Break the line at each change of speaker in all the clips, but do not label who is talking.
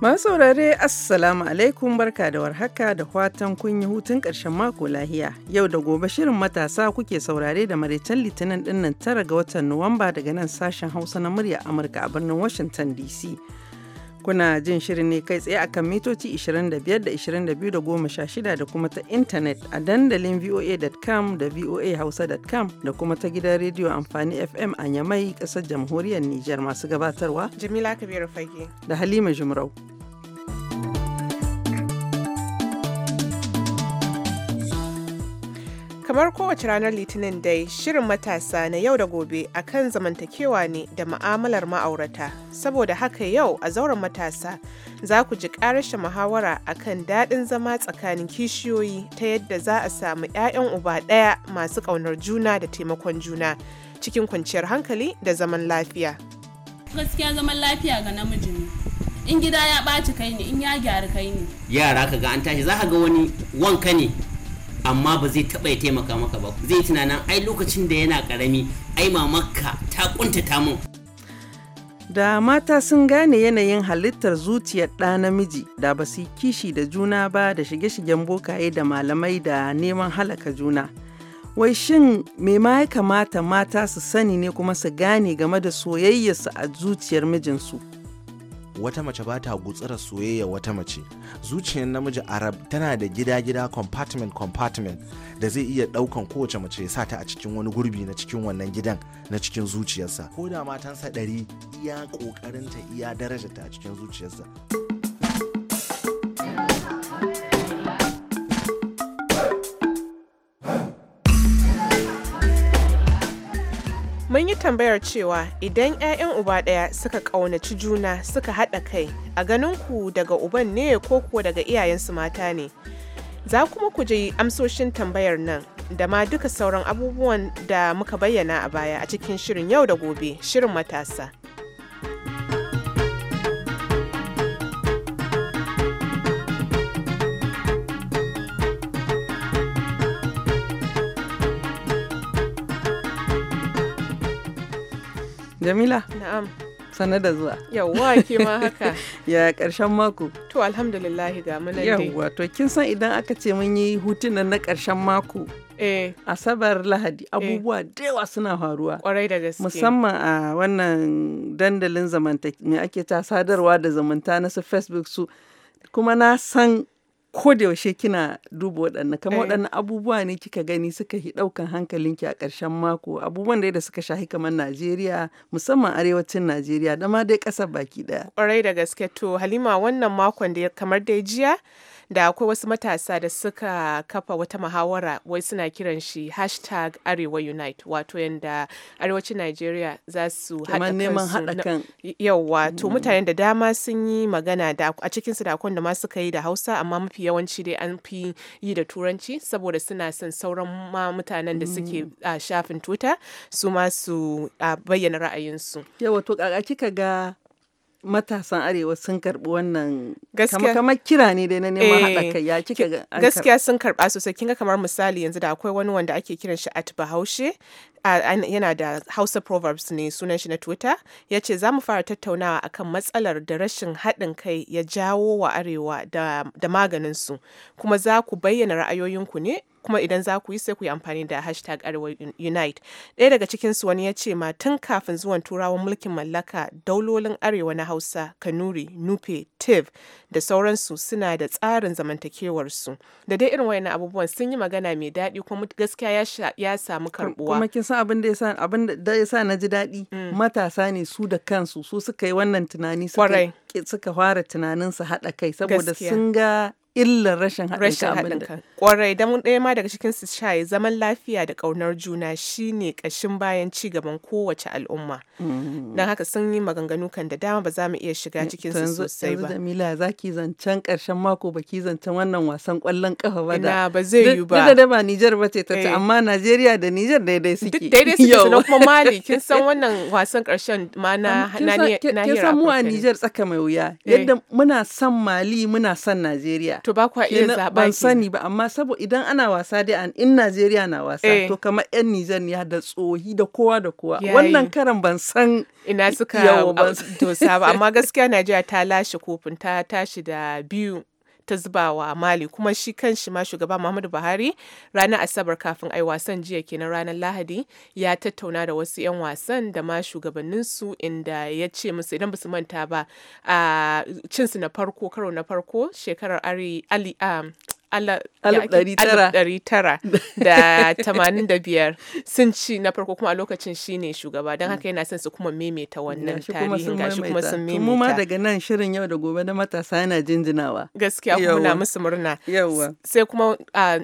Masu saurare Assalamu alaikum barka da warhaka da fatan kun yi hutun ƙarshen mako lahiya. Yau da gobe shirin matasa kuke saurare da maraicen litinin dinnan tara ga watan Nuwamba daga nan sashen Hausa na murya Amurka a birnin Washington DC. Kuna jin shirin ne kai tsaye akan mitoci 25 da 22 da 16 da kuma ta intanet a dandalin voa.com da voahausa.com da kuma ta gidan rediyo amfani FM a Yamai, kasar jamhuriyar Nijar masu gabatarwa. Jamila Kabiru Fage.
Da Halima Jumrau. kamar kowace ranar litinin dai shirin matasa na yau da gobe akan zamantakewa ne da ma'amalar ma'aurata saboda haka yau a zauren matasa za ku ji ƙarashe muhawara a kan daɗin zama tsakanin kishiyoyi ta yadda za a samu 'ya'yan uba ɗaya masu ƙaunar juna da taimakon juna cikin kwanciyar hankali da zaman lafiya
gaskiya zaman lafiya ga namiji ne in gida ya ɓaci kai ne in ya gyara kai ne
yara ka ga an tashi za ka ga wani
wanka ne amma ba zai taɓa ya taimaka maka ba zai tunanin ai lokacin da yana ƙarami ai mamakka ta ƙuntata mun
da mata sun gane yanayin halittar zuciyar ɗa namiji da ba su kishi da juna ba da shige-shigen bokaye da malamai da neman halaka juna wai shin me ma ya kamata mata su sani ne kuma su gane game da soyayyarsu a zuciyar mijinsu
wata mace ba ta gutsurar soyayya wata mace zuciyar namiji arab tana da gida-gida compartment compartment da zai iya daukan kowace mace ya sa ta a cikin wani gurbi na cikin wannan gidan na cikin zuciyarsa ko da matansa ɗari iya ƙoƙarinta iya darajarta a cikin zuciyarsa
tambayar cewa idan 'ya'yan uba ɗaya suka ƙaunaci juna suka haɗa kai a ganin ku daga uban ne ko kuwa daga iyayensu mata ne za kuma ku ji amsoshin tambayar nan da ma duka sauran abubuwan da muka bayyana a baya a cikin shirin yau da gobe shirin matasa Jamila? Na'am.
Sane da zuwa. Yawwa ke ma haka. ya ƙarshen mako.
To alhamdulillah ga mu nan Yawwa
to kin san idan aka ce mun yi hutunan na ƙarshen mako. Eh. Asabar Lahadi eh. abubuwa da yawa suna faruwa.
Kwarai da gaske. Musamman
a wannan dandalin zamanta me ake ta sadarwa da zamanta na su Facebook su kuma na san ko da yaushe kina duba waɗannan kamar eh. waɗannan abubuwa ne kika gani suka hi ɗaukan hankalinki a ƙarshen mako abubuwan da da suka shahi kamar Najeriya musamman arewacin Najeriya dama dai ƙasar baki ɗaya.
Ƙwarai da gaske to Halima wannan makon da kamar dai jiya da akwai wasu matasa da suka kafa wata muhawara wai suna kiran shi hashtag arewa unite wato yadda arewacin nigeria za su haɗa kan yawa to mm. mutane da dama sun yi magana a cikin su da akwai da ma suka yi da hausa amma mafi yawanci dai an fi yi da turanci saboda suna son sauran ma mutanen da suke mm. a shafin twitter su ma su bayyana ra'ayinsu
yawa to kaka kika ga
matasan arewa sun karbi wannan
kira ne da na neman eh, haɗa kai ya
kika ga gaskiya sun karba sosai kinga kamar misali yanzu da akwai wani wanda ake kiran shi at bahaushe yana da hausa proverbs ne sunan shi na twitter ya ce za mu fara tattaunawa akan matsalar da rashin haɗin kai ya jawo wa arewa da, maganin su kuma za ku bayyana ra'ayoyinku ne kuma idan za ku yi sai ku yi amfani da hashtag arewa unite ɗaya daga cikinsu wani ya ce ma tun kafin zuwan turawan mulkin mallaka daulolin arewa na hausa kanuri nupe tiv da sauransu suna da tsarin zamantakewarsu da dai irin wayannan abubuwan sun yi magana mai daɗi kuma gaskiya ya samu karbuwa kuma kin san abin
da ya sa na ji daɗi mm. matasa ne su da kansu su suka yi wannan tunani suka
fara tunanin su haɗa kai saboda sun
ga illar rashin haɗin kan
kwarai da mun ɗaya ma daga cikin su shaye zaman lafiya da ƙaunar juna shine ƙashin bayan ci gaban kowace al'umma mm. don haka sun yi maganganu kan da dama ba za mu iya shiga cikin su sosai ba
Jamila za ki zancen ƙarshen mako ba ki zancen wannan wasan ƙwallon ƙafa ba da ba zai yi ba duk da ba Nijar ba ce ta ce eh. amma Najeriya da Nijar daidai suke duk daidai suke suna kuma Mali kin san
wannan wasan ƙarshen ma na na hira kin san mu a
Nijar tsaka mai wuya eh. yadda muna son Mali muna san Najeriya to ba kwa iya zaɓa ban sani ba amma sabo idan ana wasa dai in Najeriya na wasa eh. to kamar yan Nijar ya da tsohi da
kowa da kowa wannan karan ban san ina suka dosa ba amma gaskiya Najeriya ta lashe kofin ta tashi da biyu ta zubawa Mali kuma shi kan shi ma shugaba Muhammadu Buhari ranar Asabar kafin ai wasan jiya kenan ranar Lahadi ya tattauna da wasu 'yan wasan da ma shugabannin su inda ya ce musu idan basu manta ba a cinsu na farko karo na farko shekarar Ali 1985 sun ci na farko kuma a lokacin shi ne shugaba don haka yana son su kuma maimaita wannan tarihin gashi kuma sun maimaita. Tumuma daga nan
shirin yau da gobe na matasa yana jinjinawa. Gaskiya kuma na musu murna. Yawwa.
Sai kuma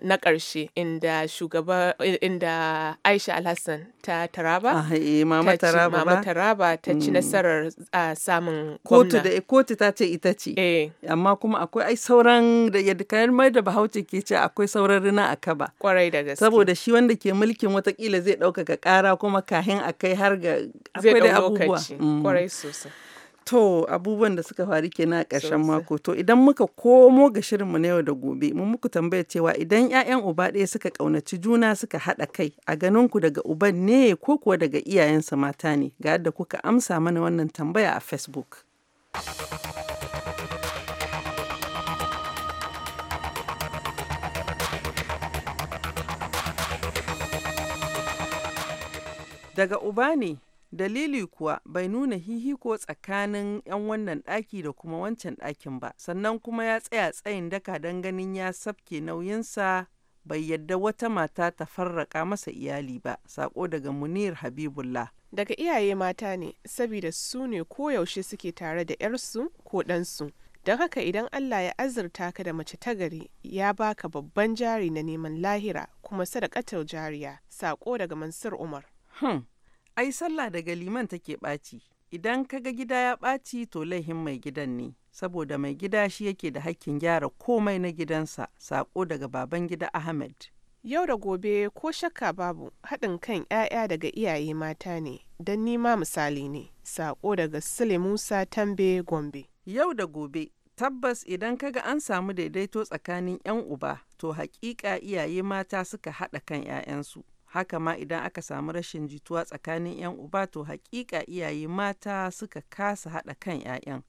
na ƙarshe inda shugaba inda Aisha Alhassan ta Taraba. Ah, eh, mama Taraba ba. Mama Taraba ta ci hmm. nasarar samun gwamna. Kotu da
kotu ta ce ita ce. Eh. Amma kuma akwai ai sauran da yadda kayan mai da bahaushe ke ce akwai sauran rina a kaba kwarai da gaske saboda shi wanda ke mulkin watakila zai ɗaukaka ƙara kuma kahin a kai har ga akwai da abubuwa mm. kwarai sosai To abubuwan da suka faru kenan a ƙarshen mako to idan muka komo ga shirinmu na yau da gobe mun muku tambaya cewa idan 'ya'yan uba ɗaya suka ƙaunaci juna suka haɗa kai a ganin ku daga uban ne ko kuwa daga iyayensa mata ne ga yadda kuka amsa mana wannan tambaya a Facebook. Daga uba ne, dalili kuwa bai nuna hihi ko tsakanin 'yan wannan ɗaki da kuma wancan ɗakin ba, sannan kuma ya tsaya tsayin daka don ganin ya sabke nauyinsa bai yadda wata mata ta farraka masa iyali ba, sako daga Munir
Habibullah. Daga iyaye mata ne, saboda su ne koyaushe suke tare da 'yarsu ko ɗansu. Don haka idan Allah ya azurta ka da mace ta gari ya baka babban jari na neman lahira kuma sadakatar jariya, sako daga Mansur Umar. Hmm,
ai sallah daga liman take ɓaci. Idan kaga gida ya ɓaci to laihin mai gidan ne, saboda mai gida shi yake da hakkin gyara komai na gidansa, saƙo daga baban
gida Ahmed. Yau da gobe ko shakka babu haɗin kan 'ya'ya daga iyaye mata ne, don nima misali ne, sako daga Sule Musa Tambe Gombe. Yau da gobe tabbas idan kaga an samu daidaito tsakanin 'yan uba to
haƙiƙa iyaye mata suka haɗa kan 'ya'yansu haka ma idan aka samu rashin jituwa tsakanin 'yan uba to hakika iyaye mata suka kasa haɗa kan 'ya'yan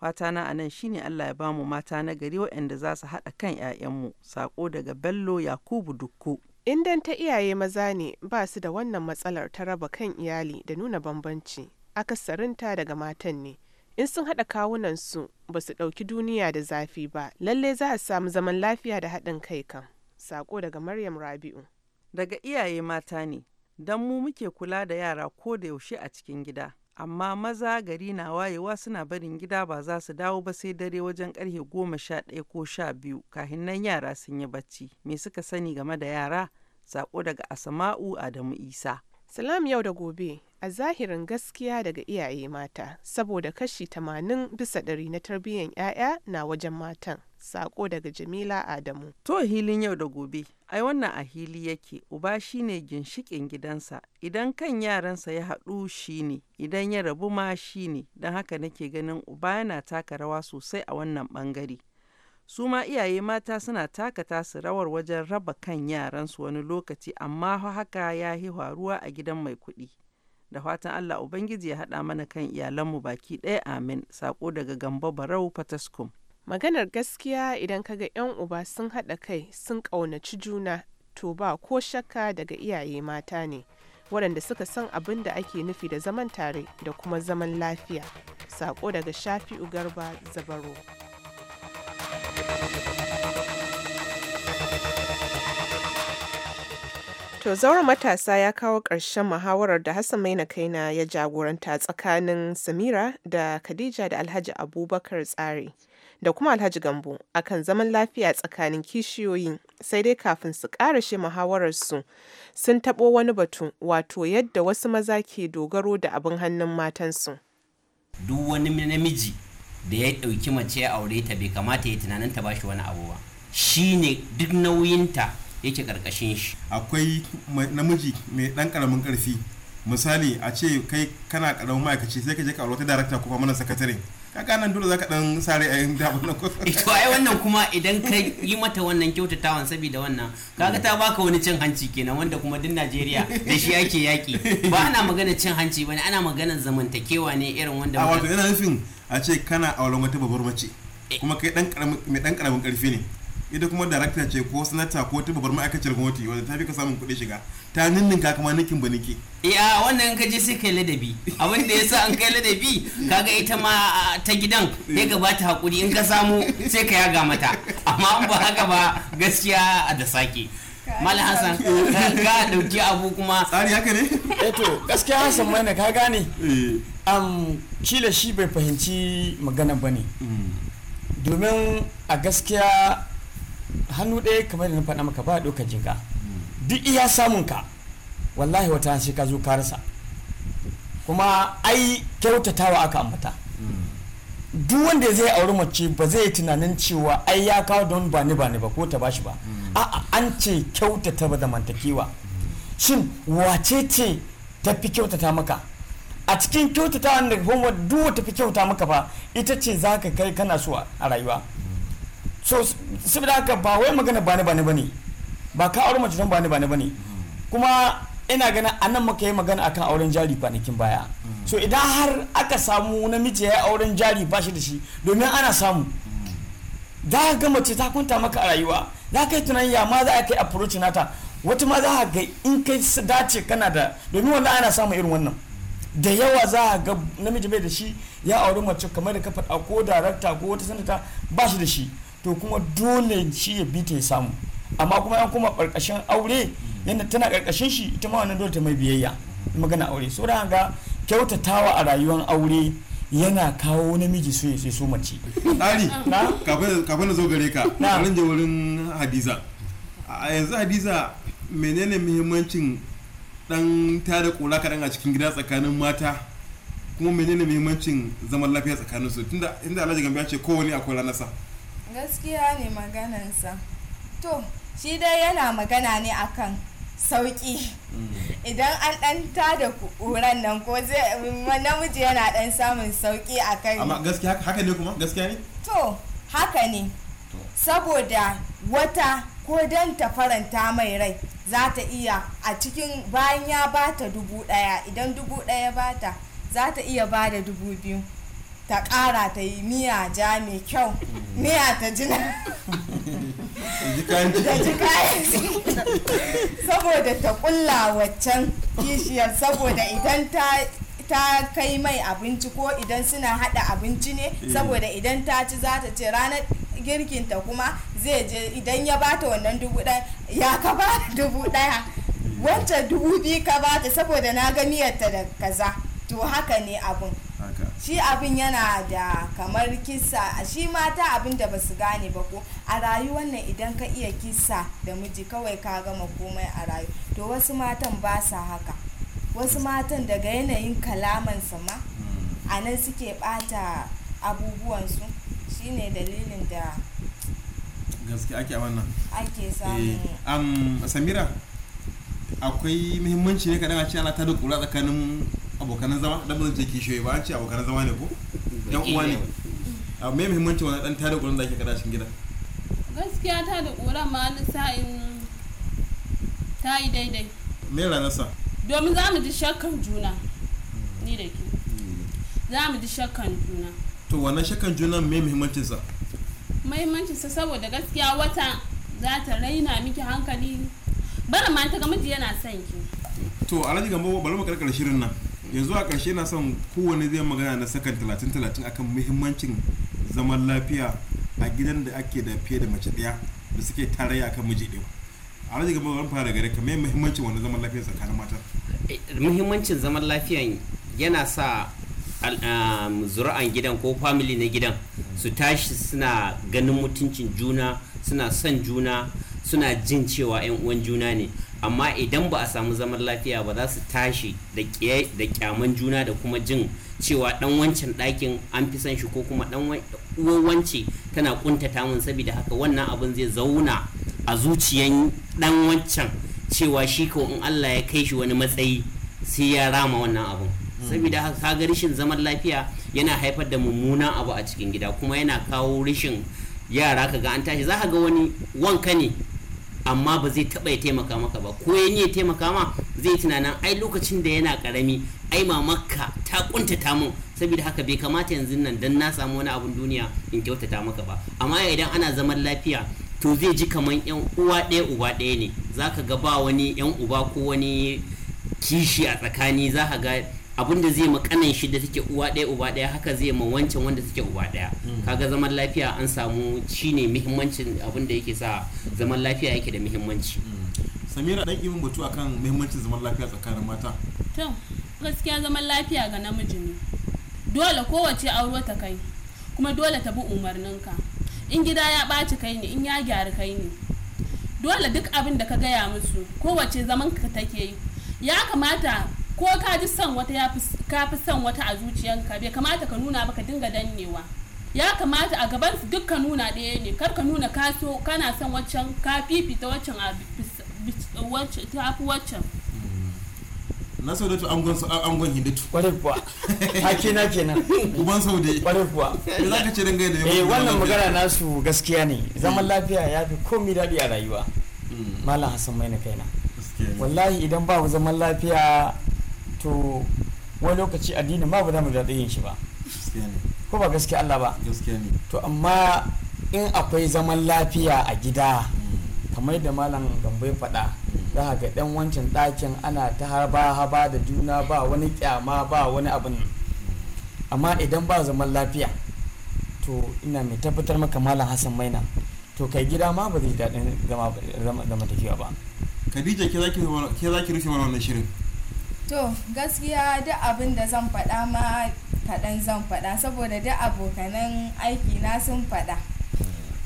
fata na anan shine Allah ya ba mu mata na gari waɗanda za su haɗa kan 'ya'yanmu sako daga bello yakubu dukku
indan ta iyaye maza ne ba su da wannan matsalar ta raba kan iyali da nuna bambanci akasarinta daga matan ne in sun haɗa kawunan su ba su ɗauki duniya da zafi ba lalle za a samu zaman lafiya da haɗin kai kan sako daga maryam rabi'u daga iyaye mata ne, don mu muke kula da
yara ko da yaushe a cikin gida. Amma maza gari na wayewa suna barin gida ba za su dawo ba sai dare wajen karhe goma sha ɗaya ko sha biyu kahin nan yara sun yi bacci.
Me suka sani game da yara? Sako daga Asama'u Adamu Isa. Salam yau da gobe a zahirin gaskiya daga iyaye mata saboda kashi tamanin bisa ɗari na tarbiyyar 'ya'ya na wajen matan. Sako daga Jamila Adamu. To hilin yau
da gobe Ai wannan a hili yake, uba shine ginshikin gidansa, idan kan yaransa ya haɗu shi ne, idan ya rabu ma shi ne, don haka nake ganin uba yana taka rawa sosai a wannan ɓangare. Su ma iyaye mata suna taka tasu rawar wajen raba kan yaransu wani lokaci amma haka ya yi faruwa a gidan mai kuɗi. Da fatan Allah Ubangiji ya haɗa mana kan iyalanmu baki ɗaya amin, sako daga Gambo
Barau Fataskum. Maganar gaskiya idan kaga 'yan uba sun haɗa kai sun ƙaunaci juna to ba ko shakka daga iyaye mata ne waɗanda suka san abin da ake nufi da zaman tare da kuma zaman lafiya. Sako daga shafi ugarba Zabaro. To zaura matasa ya kawo ƙarshen muhawarar da Hassan Maina Kaina ya jagoranta tsakanin Samira da Khadija da Alhaji Abubakar Tsari. da kuma Alhaji Gambo akan zaman lafiya tsakanin kishiyoyi sai dai kafin su karashe muhawararsu sun taɓo wani batu wato yadda wasu maza ke dogaro da abin hannun matansu.
Duk wani namiji da ya ɗauki mace ya aure ta bai kamata ya tunanin ta bashi wani abu ba. Shi ne duk nauyinta yake ƙarƙashin shi.
Akwai namiji mai ɗan ƙaramin ƙarfi misali a ce kai kana ƙaramin ma'aikaci sai ka je ka aure ta darakta ko mana sakatare. kaga nan dole
zaka dan sare ayin da wannan ko eh, to ai wannan kuma idan kai yi mata wannan kyautatawan saboda wannan kaga ta baka wani cin hanci kenan wanda kuma duk Najeriya da shi ake yaki ba ana magana cin hanci bane ana magana zamantakewa ne irin wanda a wato ina
nufin a ce kana auren wata babbar mace eh. kuma kai dan karamin mai dan karamin karfi ne ita kuma darakta ce ko sanata ko ta babbar ma'aikaciyar gwamnati wanda ta fi ka samun kuɗi shiga ta ninnin ka kuma nikin ba niki
iya eh, wannan ka je sai kai ladabi abin da yasa an kai ladabi kaga ita ma ta gidan ya gabata hakuri in ka samu sai ka yaga mata amma an ba haka ba gaskiya da sake Mala Hassan ka dauki abu kuma tsari haka ne eto eh
gaskiya Hassan mai ka gane eh. am kila shi bai fahimci magana bane mm. domin a gaskiya hannu ɗaya kamar da na faɗa maka ba ɗaukar jinka duk iya samun ka wallahi wata sai ka zo ka rasa kuma ai kyautatawa aka ambata duk wanda zai auri mace ba zai yi tunanin cewa ai ya kawo don ba ni ba ni ba ko ta bashi ba a'a an ce kyautata ba zamantakewa shin wace ce ta fi kyautata maka a cikin kyautata wanda kuma duk wata fi kyauta maka ba ita ce za ka kai kana so a rayuwa so saboda haka ba wai magana bani bani bane ba ka aure mace don bani bani bane kuma ina ganin a nan muka yi magana akan auren jari kwanakin baya so idan har aka samu namiji ya auren jari ba shi da shi domin ana samu za ga mace ta kwanta maka a rayuwa za ka yi tunanin ya ma za a kai approach nata wata ma za a ga in kai dace kana da domin wannan ana samu irin wannan da yawa za a ga namiji bai da shi ya auri mace kamar da ka faɗa ko darakta ko wata sanata ba shi da shi to kuma dole shi ya bi ta samu amma kuma yan kuma karkashin aure yadda tana karkashin shi ita ma wannan dole ta mai biyayya magana aure so da ga kyautatawa a rayuwar aure yana kawo namiji so ya so mace
tsari kafin na zo gare ka nan je wurin hadiza a yanzu hadiza menene muhimmancin dan tare kura kaɗan a cikin gida tsakanin mata kuma menene muhimmancin zaman lafiya tsakanin su tunda inda alhaji gambe ya ce kowane akwai ranarsa
gaskiya ne maganansa to shi dai yana magana ne akan sauki mm. idan an dan tada kuran nan ko zai namiji yana dan samun sauki a kai amma
gaskiya haka ne kuma gaskiya ne
to haka ne saboda wata ko dan ta faranta mai rai za ta iya a cikin bayan ya bata dubu daya idan dubu daya bata za ta iya bada dubu biyu ta ƙara ta yi miya ja mai kyau miya ta jina da jikayen saboda ta ƙulla waccan kishiyar saboda idan ta ta kai mai abinci ko idan suna hada abinci ne eh. saboda idan ta ci za ta ce ranar girkinta kuma zai je idan ya bata wannan dubu daya ya ka ba dubu daya wancan dubu biyu ka bata saboda na ga miyarta da kaza to haka ne abun shi abin yana da kamar kisa shi mata abin da ba su gane ba ko a rayuwar nan idan ka iya kisa da miji kawai ka gama komai a rayu to wasu matan ba sa haka wasu matan daga yanayin kalamansa ma hmm. a nan suke bata abubuwansu shi ne dalilin da
gaske ake a wannan ake eh, samu samira akwai muhimmanci ne kaɗan a ce ana da kura tsakanin abokan zama dan bazan ke kishiyoyi ba a ce abokan zama ne ko yan uwa ne a mai muhimmanci wani dan tare gurin da ake kada shin gida
gaskiya ta da kura ma wani sa'in ta yi daidai me ranarsa domin za mu ji shakkan juna ni da ke za mu ji shakkan juna
to wannan shakkan juna mai muhimmancinsa
muhimmancinsa saboda gaskiya wata za ta raina miki hankali bara ma ta ga miji yana son ki
to alhaji gambo bari mu karkar shirin nan yanzu a ƙarshe na son kowane zai magana na sakan 30-30 akan muhimmancin zaman lafiya a gidan da ake da fiye da mace ɗaya da suke tarayya akan miji ɗaya
a rajin gaba ban fara gare ka me muhimmancin wani zaman lafiya tsakanin mata eh, muhimmancin zaman lafiyan yana sa um, zura'an gidan ko family na gidan su tashi suna ganin mutuncin juna suna son juna suna jin cewa 'yan uwan juna ne amma idan ba a samu zaman lafiya ba za su tashi da kyaman juna da kuma jin cewa dan wancan ɗakin an fi son shi ko kuma dan wance tana kuntata mun saboda haka wannan abin zai zauna a zuciyan dan wancan cewa shi ko in Allah ya kai shi wani matsayi sai ya rama wannan abin hmm. saboda haka ga rashin zaman lafiya yana haifar da mummunan abu a cikin gida kuma yana kawo rashin yara kaga an tashi za ka ga wani wanka ne amma ba zai taɓa ya taimaka maka ba ko ya taimaka ma zai tunanin ai lokacin da yana karami ai mamakka ta ƙuntata mun saboda haka bai kamata yanzu nan dan na samu wani abun duniya in kyautata maka ba amma idan ana zaman lafiya to zai ji kaman yan uwa ɗaya uba ɗaya ne zaka ga ba wani yan uba ko wani kishi a tsakani za ka ga abin da zai makanan shi da take uwa ɗaya uba ɗaya haka zai ma wancan wanda take uba ɗaya hmm. kaga zaman lafiya an samu shine muhimmancin abin da yake sa zaman lafiya yake da muhimmanci hmm.
samira dan imin batu akan muhimmancin zaman lafiya tsakanin mata
to gaskiya zaman lafiya ga namiji ne dole kowace aure ta kai kuma dole ta bi umarninka in gida ya ɓaci kai ne in ya gyara kai ne dole duk abin da ka gaya musu kowace zaman ka take yi ya kamata ko ka ji son wata ya fi son wata a zuciyanka bai kamata ka nuna ba ka dinga dannewa ya kamata a gaban su duk nuna ɗaya ne kar ka nuna so kana son waccan ka fifita waccan a tafi waccan
mm. na sau da angon
angon tu kwarai kuwa a na kenan uban sau da kwarai kuwa za ka ce dangane da eh wannan magana nasu gaskiya ne mm. zaman lafiya ya fi komai daɗi a rayuwa mm. malam hassan mai na kaina wallahi idan babu zaman lafiya to wani lokaci addini ma ba za mu daɗe yin shi ba ko ba gaskiya Allah ba to amma in akwai zaman lafiya a gida mm. kamar da malam gambai faɗa mm. za ka ga ɗan wancan ɗakin ana ta haba haba da juna ba wani kyama ba wani abin mm. amma idan ba zaman lafiya to ina mai tabbatar maka malam hassan maina to kai gida ma ba zai daɗin zama tafiya ba
khadija ke za ki rufe wannan shirin
to gaskiya duk abin da zan faɗa ma kaɗan zan faɗa saboda duk abokanan aiki na sun faɗa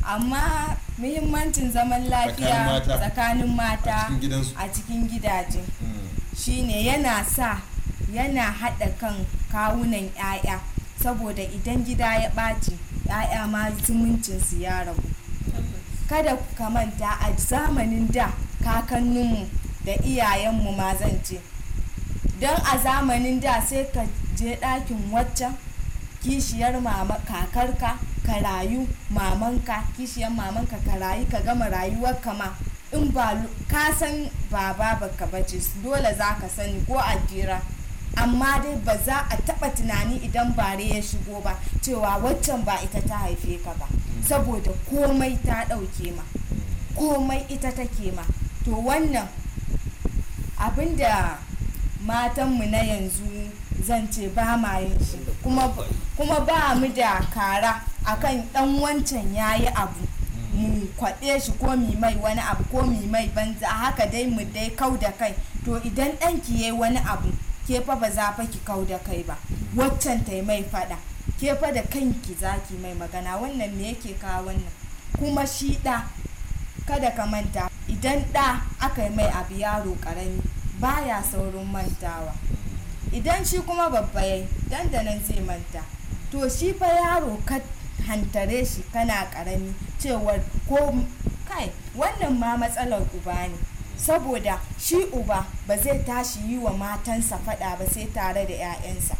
amma muhimmancin zaman lafiya tsakanin mata a cikin gidaje mm. shine yana sa yana haɗa kan kawunan 'ya'ya saboda idan gida ya ɓaci 'ya'ya ma zumuncinsu ya rabu kada ka manta a zamanin da kakanninmu da iyayenmu ma zan ce don a zamanin da sai ka je ɗakin waccan kishiyar mama kakarka ka rayu mamanka kishiyar mamanka ka rayu ka gama rayuwar kama in ba ka san baba baka bace dole za ka sani ko a jira amma dai ba za a taɓa tunani idan bare ya shigo ba cewa waccan ba ita ta haife ka ba mm. saboda komai ta ɗauke ma mm. komai ita take ma to wannan abinda matanmu na yanzu zan ce ba ma yin shi kuma ba mu da kara akan dan wancan yayi abu mu kwaɗe shi ko mi mai wani abu ko mi mai banza haka dai mu dai kau da kai to idan ɗanki yayi wani abu ke fa ba za fa ki kau da kai ba waccan ta yi mai faɗa ke fa da kanki zaki ki mai magana wannan me yake kawo wannan kuma shi ɗa kada ka manta idan ɗa aka yi mai abu yaro ƙarami baya saurin mantawa idan shi kuma babba yayi dandanan zai manta to shi fa yaro ka hantare shi kana karami cewa ko kai wannan ma matsalar uba ne saboda shi uba ba zai tashi yi wa matansa fada ba sai tare da 'ya'yansa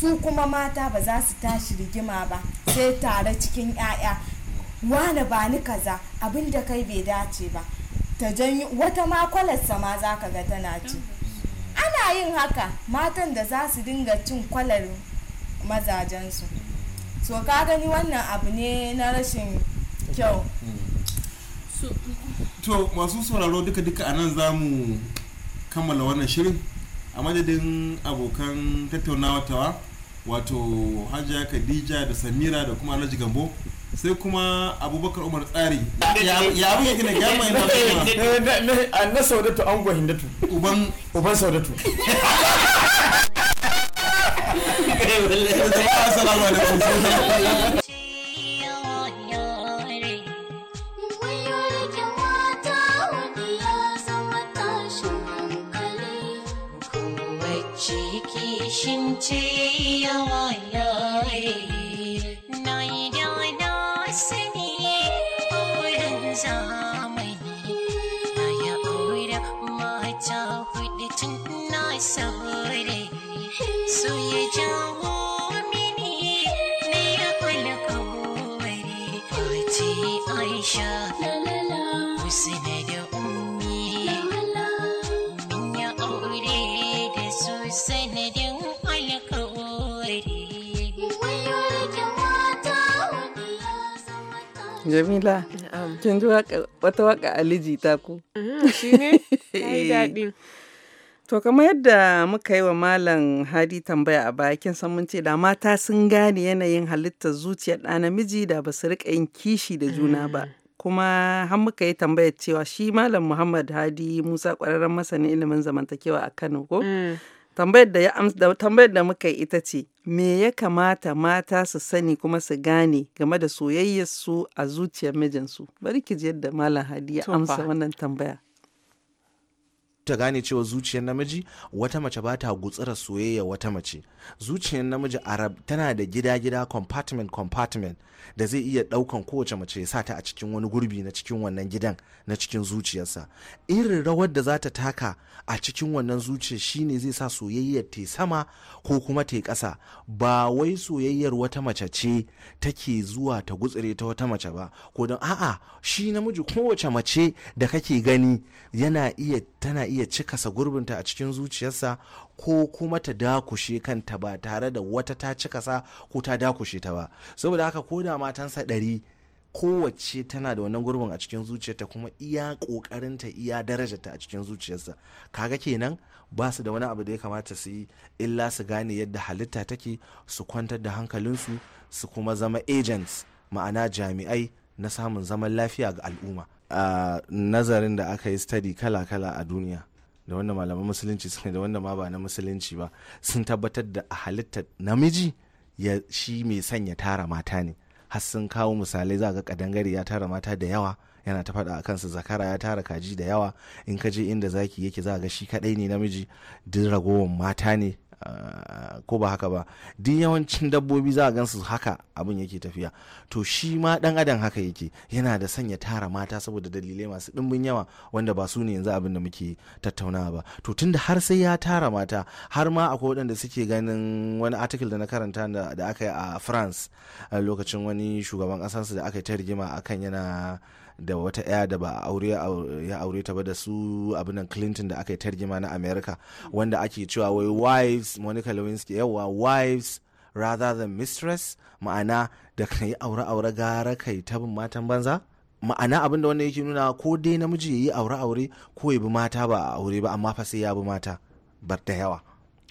su kuma mata ba za su tashi rigima ba sai tare cikin 'ya'ya wane ba ni kaza abinda kai bai dace ba ta janyo wata ma kwalarsa ma za ka ga tana ci ana yin haka matan da za su dinga cin kwalar mazajensu so ka gani wannan abu ne na rashin kyau
to masu sauraro duka-duka a nan za mu kammala wannan shirin a madadin abokan tattaunawa tawa wato hajiya khadija da samira da kuma alhaji gambo sai kuma abubakar umar tsari ya abu ya gina gama yana eh,
kuma eh, eh, na saudatu an gwahin datu uban uban saudatu
Shin ce yawa
yare na
jawo mini ya wace aisha da umi aure
da Jamila, kin ji wata waka Aliji ta ku?
Mm, Shi ne?
yi daɗi.
To kamar yadda muka yi wa Malam Hadi tambaya a bakin san mun ce da mata sun gane yanayin halittar zuciyar ɗa namiji da ba su riƙa yin kishi da juna ba. Mm. Kuma har muka yi tambayar cewa shi Malam Muhammad Hadi Musa ƙwararren masanin ilimin zamantakewa a Kano ko? Mm. Tambayar da, tambayar da muka yi ita ce, me ya kamata mata su sani kuma su gane game da soyayyarsu a zuciyar mijinsu? Bari ki ji yadda Malam Hadi ya amsa wannan
tambaya. ta gane cewa zuciyar namiji wata mace ba ta gutsura soyayya wata mace zuciyar namiji arab tana da gida-gida compartment compartment da zai iya daukan kowace mace ya sa ta a cikin wani gurbi na cikin wannan gidan na cikin zuciyarsa irin rawar da za ta taka a cikin wannan zuciyar shine zai sa soyayyar ta sama ko kuma ta kasa ba wai soyayyar wata mace ce take zuwa ta gutsire ta wata mace ba ko don a'a shi namiji kowace mace da kake gani yana iya tana iya iya cikasa gurbinta a cikin zuciyarsa ko kuma ta dakushe kanta ba tare da wata ta cikasa ko ta dakushe ta ba saboda haka ko da matansa ɗari kowace tana da wannan gurbin a cikin zuciyarta kuma iya kokarinta iya darajarta a cikin zuciyarsa kaga kenan ba su da wani abu da ya kamata su yi illa su gane yadda halitta take su kwantar da hankalinsu su kuma zama agents ma'ana jami'ai na samun zaman lafiya ga al'umma a nazarin da aka yi study kala-kala a duniya da wanda malaman musulunci suka da wanda ma ba na musulunci ba sun tabbatar da a halitta namiji ya shi mai sanya tara mata ne har sun kawo misalai za ga kadangare ya tara mata da yawa yana ta faɗa a kansa zakara ya tara kaji da yawa in ka je inda zaki yake za ga shi kadai ne namiji duk ragowar mata ne Eh, ko ba haka ba duk yawancin dabbobi za a gansu haka abin yake tafiya to shi ma dan adam haka yake yana da sanya tara mata saboda dalilai masu ɗimbin yawa wanda ba su ne yanzu abin da muke tattaunawa ba to tunda har sai ya tara mata har ma akwai waɗanda suke ganin wani article da na karanta da aka yi a france lokacin wani shugaban ƙasarsu da aka yi ta rigima akan yana da wata 'ya da ba aure ya aure ta ba da su abinan clinton da aka yi tarjima na america wanda ake cewa wai wives monica lewinsky yawa wives rather than mistress ma'ana da ka yi aure-aure gara kai ta tabin matan banza ma'ana abinda wanda yake nuna ko dai namiji ya yi aure-aure ko ya bi mata ba aure ba amma fa sai ya bi mata bar da yawa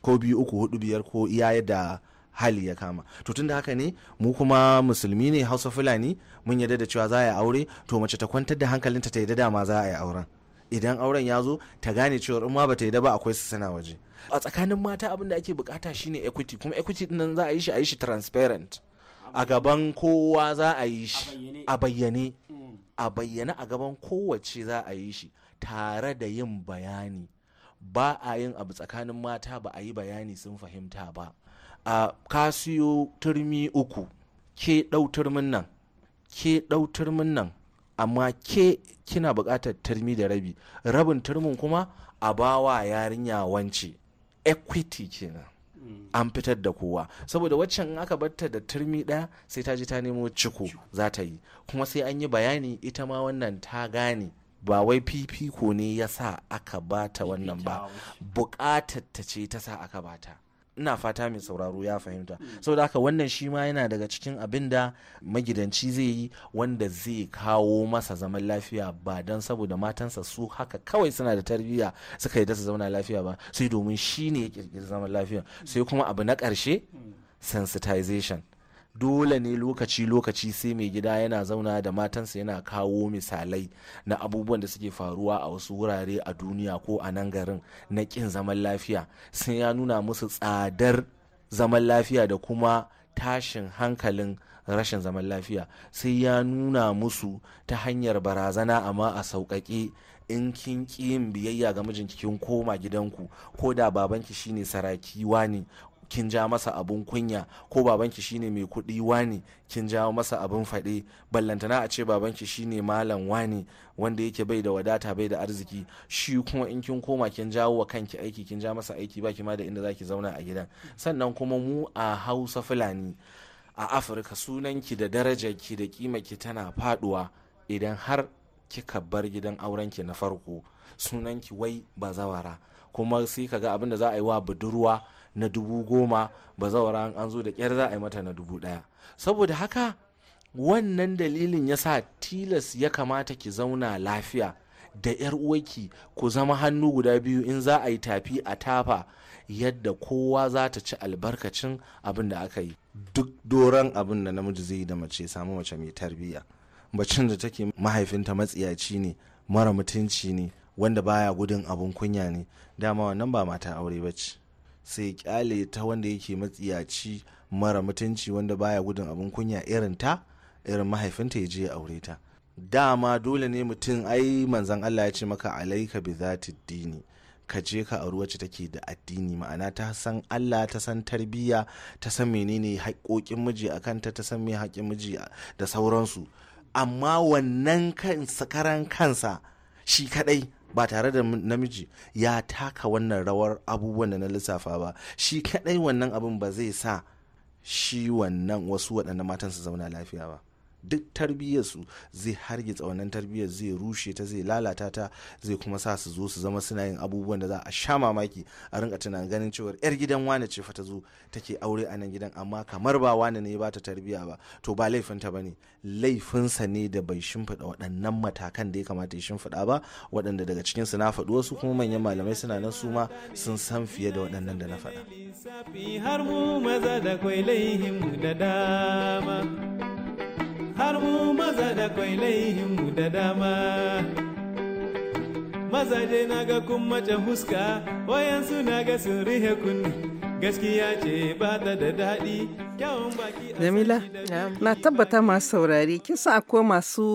ko biyu uku hudu biyar ko iya yadda hali ya kama to tun da haka ne mu kuma musulmi ne hausa fulani mun yarda da cewa za a yi aure to mace ta kwantar da hankalinta ta yarda dama za a yi auren idan auren ya zo ta gane cewa in ma bata yarda ba akwai su sana waje a tsakanin mata abin da ake bukata shine equity kuma equity din nan za a yi shi a yi shi transparent a gaban kowa za a yi shi a bayyane a bayyane hmm. a gaban kowace za a yi shi tare da yin bayani ba a yin abu tsakanin mata ba a yi bayani sun fahimta ba a kasiyo turmi uku ke ɗau turmin nan ke ɗau turmin nan amma ke kina buƙatar turmi da rabi rabin turmin kuma a bawa yarinya wance equity kenan an fitar da kowa saboda waccan in aka batta da turmi ɗaya sai ta ji ta nemo ciko za ta yi kuma sai an yi bayani ita ma wannan ta gane ba wai fifiko ne ya sa aka bata wannan ba buƙatar ta ce ta sa aka bata ina fata mai sauraro ya fahimta saboda haka wannan shi ma yana daga cikin abin da magidanci zai yi wanda zai kawo masa zaman lafiya ba don saboda matansa su haka kawai suna da tarbiyya suka yi dasa zauna lafiya ba sai domin shi ne ya kirkiri zaman lafiya sai kuma abu na ƙarshe sensitization dole ne lokaci-lokaci sai mai gida yana zauna da matansa yana kawo misalai na abubuwan da suke faruwa a wasu wurare a duniya ko a nan garin na ƙin zaman lafiya sai ya nuna musu tsadar zaman lafiya da kuma tashin hankalin rashin zaman lafiya sai ya nuna musu ta hanyar barazana amma a sauƙaƙe in kin yin biyayya ga mijinki kin koma gidanku ko da babanki shine sarakiwa ne kin ja masa abun kunya ko babanki shine mai kuɗi wani kin ja masa abun faɗe ballantana a ce babanki shine malam wani wanda yake bai da wadata bai da arziki shi kuma in kin koma kin jawo wa kanki aiki kin ja masa aiki baki ma da inda zaki zauna a gidan sannan kuma mu a hausa fulani a afirka sunanki da ki da kima ki tana faduwa idan har kika bar gidan aurenki na farko sunanki wai bazawara kuma sai kaga abin da za a yi wa budurwa na dubu goma ba zaura an zo da kyar za a yi mata na dubu ɗaya saboda haka wannan dalilin ya sa tilas ya kamata ki zauna lafiya da 'yar uwaki ku zama hannu guda biyu in za a yi tafi a tafa yadda kowa za ta ci albarkacin abin da aka yi duk doron abin da namiji zai yi da mace samu mace mai tarbiyya bacin da take mahaifinta matsiyaci ne mara mutunci ne wanda baya gudun abun kunya ne dama wannan ba mata aure bace. sai kyale ta wanda yake matsiyaci mara mutunci wanda baya gudun abin kunya irin ta irin mahaifinta ya je ya aure ta dama dole ne mutum ai manzan Allah ya ce maka alaika bi zati dini ka je ka auri wacce take da addini ma'ana ta san Allah ta san tarbiyya ta san menene haƙoƙin miji a kanta ta san me haƙƙin miji da sauransu amma wannan kan karan kansa shi kadai ba tare da namiji ya taka wannan rawar abubuwan da na lissafa ba shi kadai wannan abin ba zai sa shi wannan wasu waɗannan matan su zauna lafiya ba duk tarbiyyarsu zai hargitsa wannan tarbiyyar zai rushe ta zai lalata ta zai kuma sa su zo su zama suna yin abubuwan da za a sha mamaki a rinka tunan ganin cewar yar gidan wane ce fa ta zo take aure a nan gidan amma kamar ba wane ne ba ta tarbiyya ba to ba laifinta ba ne laifinsa ne da bai shimfiɗa waɗannan matakan da ya kamata ya shimfiɗa ba waɗanda daga cikin su na faɗi wasu kuma manyan malamai suna nan su ma sun san fiye da waɗannan da na faɗa.
har mu maza da da dama har mu maza da kwai laihinmu da dama mazaje na ga kun mace huska wayansu na ga sun rihe kunni gaskiya ce ba ta da daɗi
Jamila, na tabbata masu saurari, kin sa akwai masu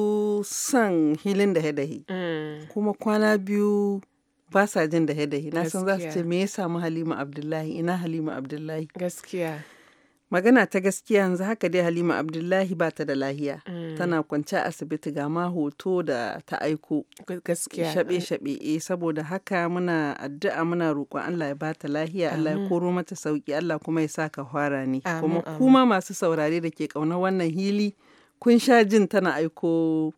son hilin da hadahi. Mm. Kuma kwana biyu ba sa jin da hadahi. Na san za su ce me ya samu Halima Abdullahi, ina Halima Abdullahi. Gaskiya. magana ta gaskiya yanzu haka dai halima abdullahi ba ta da lahiya mm. tana kwanci asibiti ga ma hoto da ta aiko gaskiya shabe mm. shabe eh saboda haka muna addu'a muna roƙon Allah ya ba ta lahiya Allah ya koro mata sauki Allah kuma ya saka fara ne kuma kuma masu saurare da ke kauna wannan hili kun sha jin tana aiko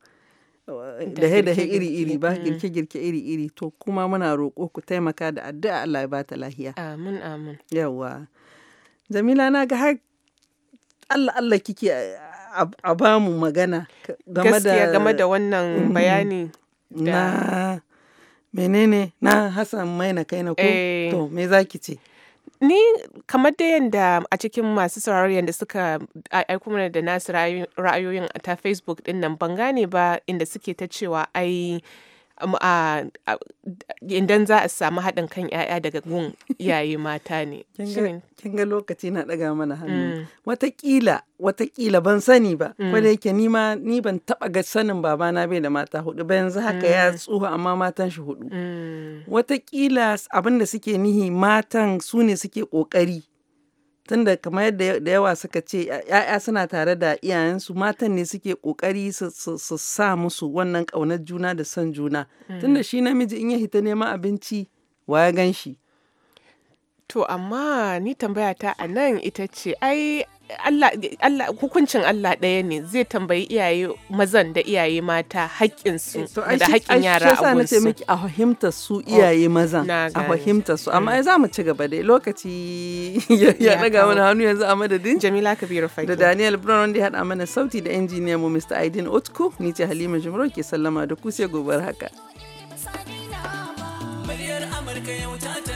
eh, dahe-dahe iri-iri ba mm. girke-girke iri-iri to kuma muna roƙo ku taimaka da addu'a Allah ya ba ta lahiya amin amin yawa Jamila na ga har Allah Allah kike a ba mu magana game da game da wannan mm-hmm. bayani na
menene na Hassan Maina kaina ko eh. to me zaki ce ni kamar da yadda a cikin masu sauraro yadda suka aiko mana da nasu ra'ayoyin ta facebook din nan ban gane ba inda suke ta cewa ai Um, idan za a samu haɗin kan 'ya'ya daga gun iyaye mata ne.
Kin ga lokaci na ɗaga mana hannu. Mm. Watakila, watakila ban sani ba, mm. ko yake yake nima ni ban taɓa ga sanin babana bai da mata hudu ba yanzu haka ya mm. tsuhu amma matan shi hudu. Wataƙila abin da suke nihi matan su ne suke ƙoƙari tunda kamar yadda da yawa suka ce ‘ya'ya suna tare da iyayensu matan ne suke ƙoƙari su sa musu wannan ƙaunar juna da son juna mm. tunda shi
namiji in ya hita neman abinci
wa ya gan shi
To amma ni tambaya ta a nan ita ce ai Allah, Allah hukuncin Allah ɗaya ne zai tambayi iyaye mazan da iyaye mata haƙƙinsu so, eh, da haƙƙin yara a gunsu. Shi miki
a fahimta su iyaye oh, mazan a fahimta su amma mm. za mu ci gaba dai lokaci ya daga mana hannu yanzu a madadin. Jamila Kabiru Faki. Da Daniel Brown wanda ya haɗa mana sauti da injiniyan mu Mr. Aidin Otku ni ce Halima Jumro ke sallama da ku sai gobar haka. Amurka ta